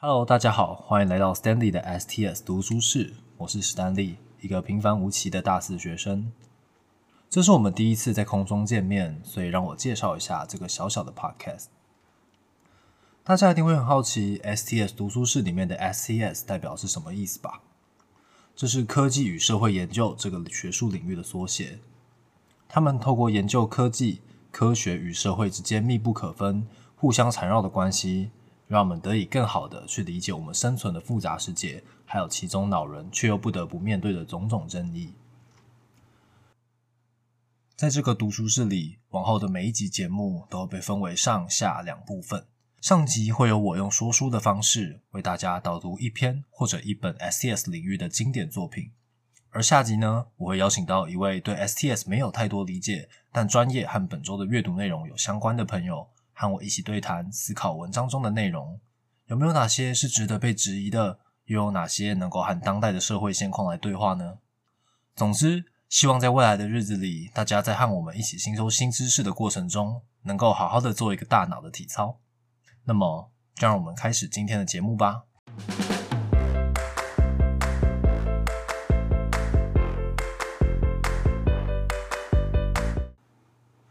Hello，大家好，歡迎來到 Stanley 的 STS 讀書室，我是史丹利，一個平凡無奇的大四學生。這是我們第一次在空中見面，所以讓我介紹一下這個小小的 podcast。大家一定會很好奇，STS 讀書室裡面的 STS 代表是什麼意思吧？這是科技與社會研究這個學術領域的縮寫。他們透過研究科技、科學與社會之間密不可分、互相纏繞的關係。讓我們得以更好的去理解我們生存的複雜世界，還有其中惱人卻又不得不面對的種種爭議。在這個讀書室裡，往後的每一集節目都會被分為上下兩部分。上集會有我用說書的方式為大家導讀一篇或者一本 STS 領域的經典作品，而下集呢，我會邀請到一位對 STS 沒有太多理解，但專業和本周的閱讀內容有相關的朋友。和我一起對談，思考文章中的內容，有沒有哪些是值得被質疑的？又有哪些能夠和當代的社會現況來對話呢？總之，希望在未來的日子裡，大家在和我們一起吸收新知識的過程中，能夠好好的做一個大腦的體操。那麼，就讓我們開始今天的節目吧。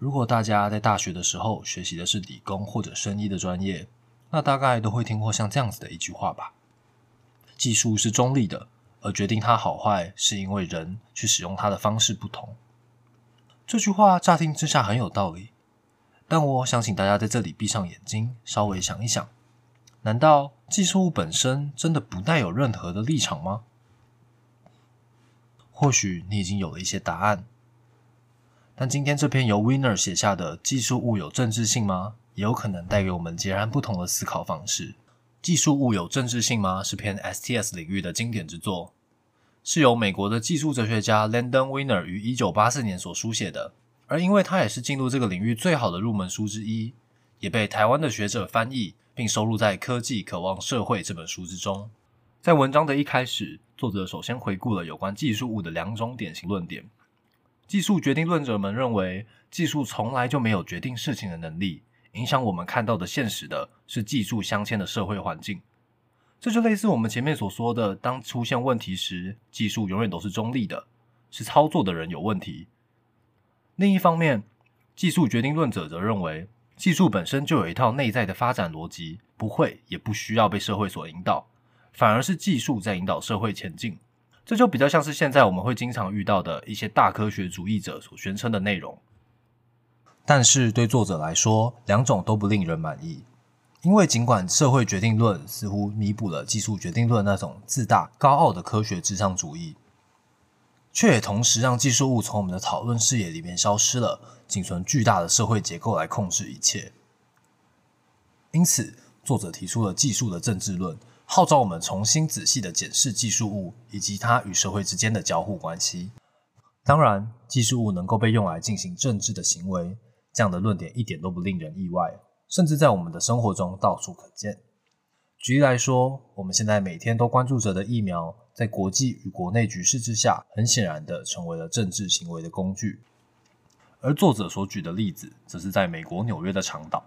如果大家在大學的時候學習的是理工或者生醫的專業，那大概都會聽過像這樣子的一句話吧：技術是中立的，而決定它好壞是因為人去使用它的方式不同。這句話乍聽之下很有道理，但我想請大家在這裡閉上眼睛，稍微想一想：難道技術本身真的不帶有任何的立場嗎？或許你已經有了一些答案。但今天這篇由 Winner 寫下的《技術物有政治性嗎？》也有可能帶給我們截然不同的思考方式。《技術物有政治性嗎？》是篇 STS 領域的經典之作，是由美國的技術哲學家 Langdon Winner 於1984年所書寫的。而因為它也是進入這個領域最好的入門書之一，也被台灣的學者翻譯並收錄在《科技渴望社會》這本書之中。在文章的一開始，作者首先回顧了有關技術物的兩種典型論點。技術決定論者們認為，技術從來就沒有決定事情的能力，影響我們看到的現實的是技術鑲嵌的社會環境。這就類似我們前面所說的，當出現問題時，技術永遠都是中立的，是操作的人有問題。另一方面，技術決定論者則認為，技術本身就有一套內在的發展邏輯，不會也不需要被社會所引導，反而是技術在引導社會前進。這就比較像是現在我們會經常遇到的一些大科學主義者所宣稱的內容。但是對作者來說，兩種都不令人滿意，因為儘管社會決定論似乎彌補了技術決定論那種自大高傲的科學至上主義，卻也同時讓技術物從我們的討論視野裡面消失了，僅存巨大的社會結構來控制一切。因此，作者提出了技術的政治論。號召我們重新仔細地檢視技術物以及它與社會之間的交互關係。當然，技術物能夠被用來進行政治的行為，這樣的論點一點都不令人意外，甚至在我們的生活中到處可見。舉例來說，我們現在每天都關注着的疫苗，在國際與國內局勢之下，很顯然地成為了政治行為的工具。而作者所舉的例子，則是在美國紐約的長島。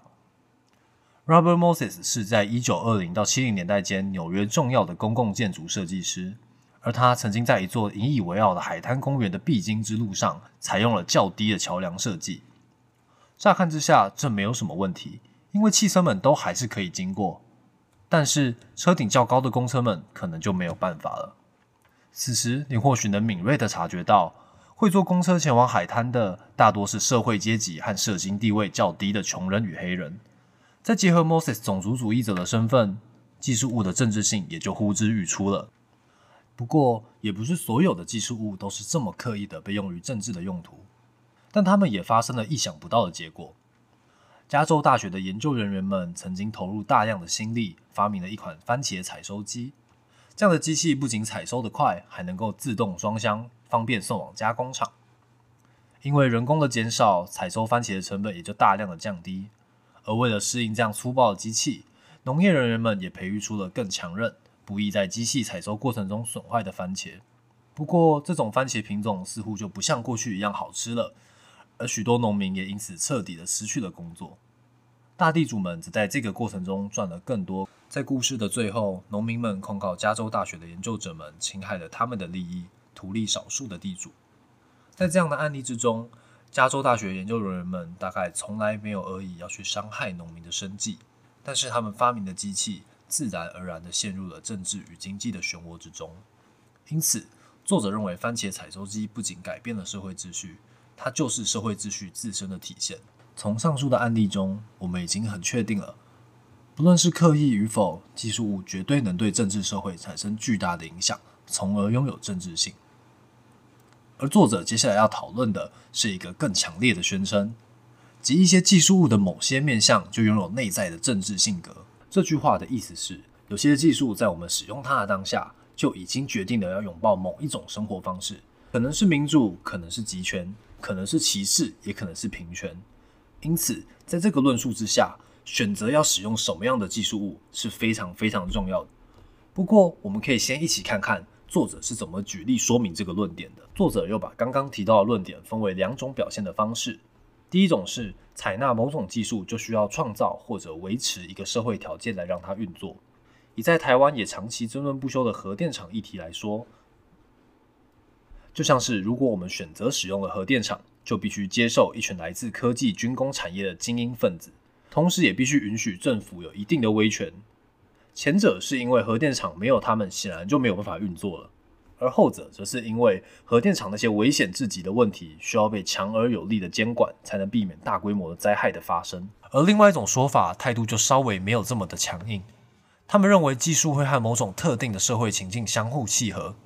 Robert Moses 是在一九二零到七零年代間，紐約重要的公共建築設計師，而他曾經在一座引以為傲的海灘公園的必經之路上採用了較低的橋樑設計。乍看之下，這沒有什麼問題，因為汽車們都還是可以經過。但是車頂較高的公車們可能就沒有辦法了。此時，你或許能敏銳地察覺到，會坐公車前往海灘的大多是社會階級和社經地位較低的窮人與黑人。再結合 Moses 種族主義者的身份，技術物的政治性也就呼之欲出了。不過，也不是所有的技術物都是這麼刻意的被用於政治的用途，但他們也發生了意想不到的結果。加州大學的研究人員們曾經投入大量的心力，發明了一款番茄採收機。這樣的機器不僅採收的快，還能夠自動裝箱，方便送往加工廠。因為人工的減少，採收番茄的成本也就大量的降低。而為了適應這樣粗暴的機器，農業人員們也培育出了更強韌、不易在機器採收過程中損壞的番茄。不過，這種番茄品種似乎就不像過去一樣好吃了，而許多農民也因此徹底的失去了工作。大地主們則在這個過程中賺了更多。在故事的最後，農民們控告加州大學的研究者們侵害了他們的利益，圖利少數的地主。在這樣的案例之中。加州大學研究人員們大概從來沒有惡意要去傷害農民的生計，但是他們發明的機器自然而然地陷入了政治與經濟的漩渦之中。因此，作者認為番茄採收機不僅改變了社會秩序，它就是社會秩序自身的體現。從上述的案例中，我們已經很確定了，不論是刻意與否，技術物絕對能對政治社會產生巨大的影響，從而擁有政治性。而作者接下來要討論的是一個更強烈的宣稱，即一些技術物的某些面向就擁有內在的政治性格。這句話的意思是，有些技術在我們使用它的當下，就已經決定了要擁抱某一種生活方式，可能是民主，可能是極權，可能是歧視，也可能是平權。因此，在這個論述之下，選擇要使用什麼樣的技術物是非常非常重要的。不過，我們可以先一起看看。作者是怎麼舉例說明這個論點的？作者又把剛剛提到的論點分為兩種表現的方式。第一種是採納某種技術，就需要創造或者維持一個社會條件來讓它運作。以在台灣也長期爭論不休的核電廠議題來說，就像是如果我們選擇使用了核電廠，就必須接受一群來自科技軍工產業的精英分子，同時也必須允許政府有一定的威權。前者是因為核電廠沒有它們，顯然就沒有辦法運作了；而後者則是因為核電廠那些危險至極的問題，需要被強而有力的監管，才能避免大規模的災害的發生。而另外一種說法，態度就稍微沒有這麼的強硬。他們認為技術會和某種特定的社會情境相互契合。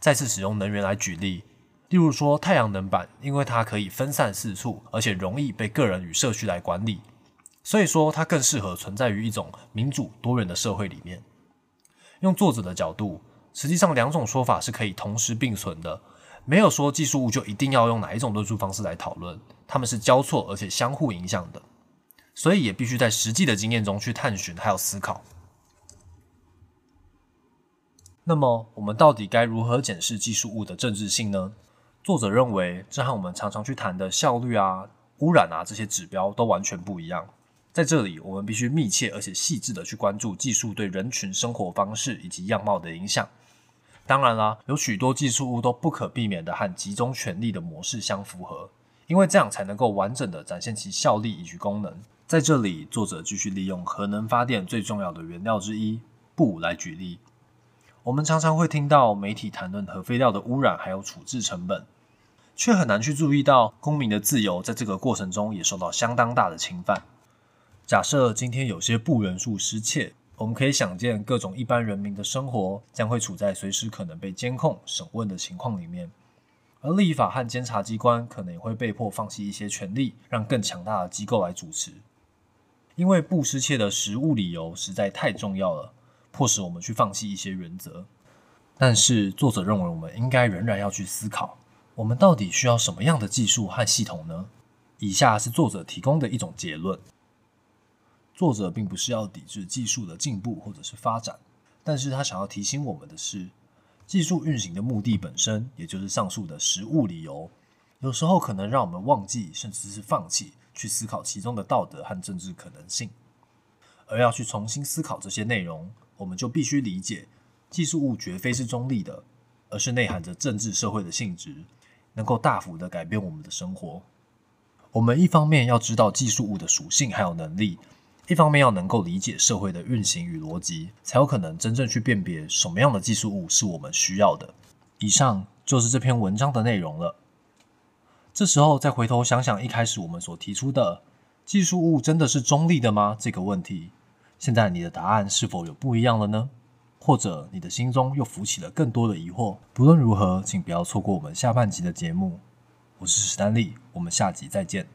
再次使用能源來舉例，例如說太陽能板，因為它可以分散四處，而且容易被個人與社區來管理。所以說，它更適合存在於一種民主多元的社會裡面。用作者的角度，實際上兩種說法是可以同時並存的，沒有說技術物就一定要用哪一種論述方式來討論，它們是交錯而且相互影響的，所以也必須在實際的經驗中去探尋還有思考。那麼，我們到底該如何檢視技術物的政治性呢？作者認為，這和我們常常去談的效率啊、污染啊這些指標都完全不一樣。在這裡，我們必須密切而且細緻地去關注技術對人群生活方式以及樣貌的影響。當然啦，有許多技術物都不可避免地和集中權力的模式相符合，因為這樣才能夠完整地展現其效力以及功能。在這裡，作者繼續利用核能發電最重要的原料之一——鈈來舉例。我們常常會聽到媒體談論核廢料的污染還有處置成本，卻很難去注意到公民的自由在這個過程中也受到相當大的侵犯。假設今天有些鈽元素失竊，我們可以想見各種一般人民的生活將會處在隨時可能被監控、審問的情況裡面，而立法和監察機關可能也會被迫放棄一些權力，讓更強大的機構來主持，因為鈽失竊的實物理由實在太重要了，迫使我們去放棄一些原則。但是作者認為，我們應該仍然要去思考，我們到底需要什麼樣的技術和系統呢？以下是作者提供的一種結論。作者並不是要抵制技術的進步或者是發展，但是他想要提醒我們的是，技術運行的目的本身，也就是上述的實務理由，有時候可能讓我們忘記甚至是放棄去思考其中的道德和政治可能性。而要去重新思考這些內容，我們就必須理解技術物絕非是中立的，而是內含着政治社會的性質，能夠大幅的改變我們的生活。我們一方面要知道技術物的屬性還有能力。一方面要能夠理解社會的運行與邏輯，才有可能真正去辨別什麼樣的技術物是我們需要的。以上就是這篇文章的內容了。這時候再回頭想想一開始我們所提出的技術物真的是中立的嗎？這個問題，現在你的答案是否有不一樣了呢？或者你的心中又浮起了更多的疑惑？不論如何，請不要錯過我們下半集的節目。我是史丹利，我們下集再見。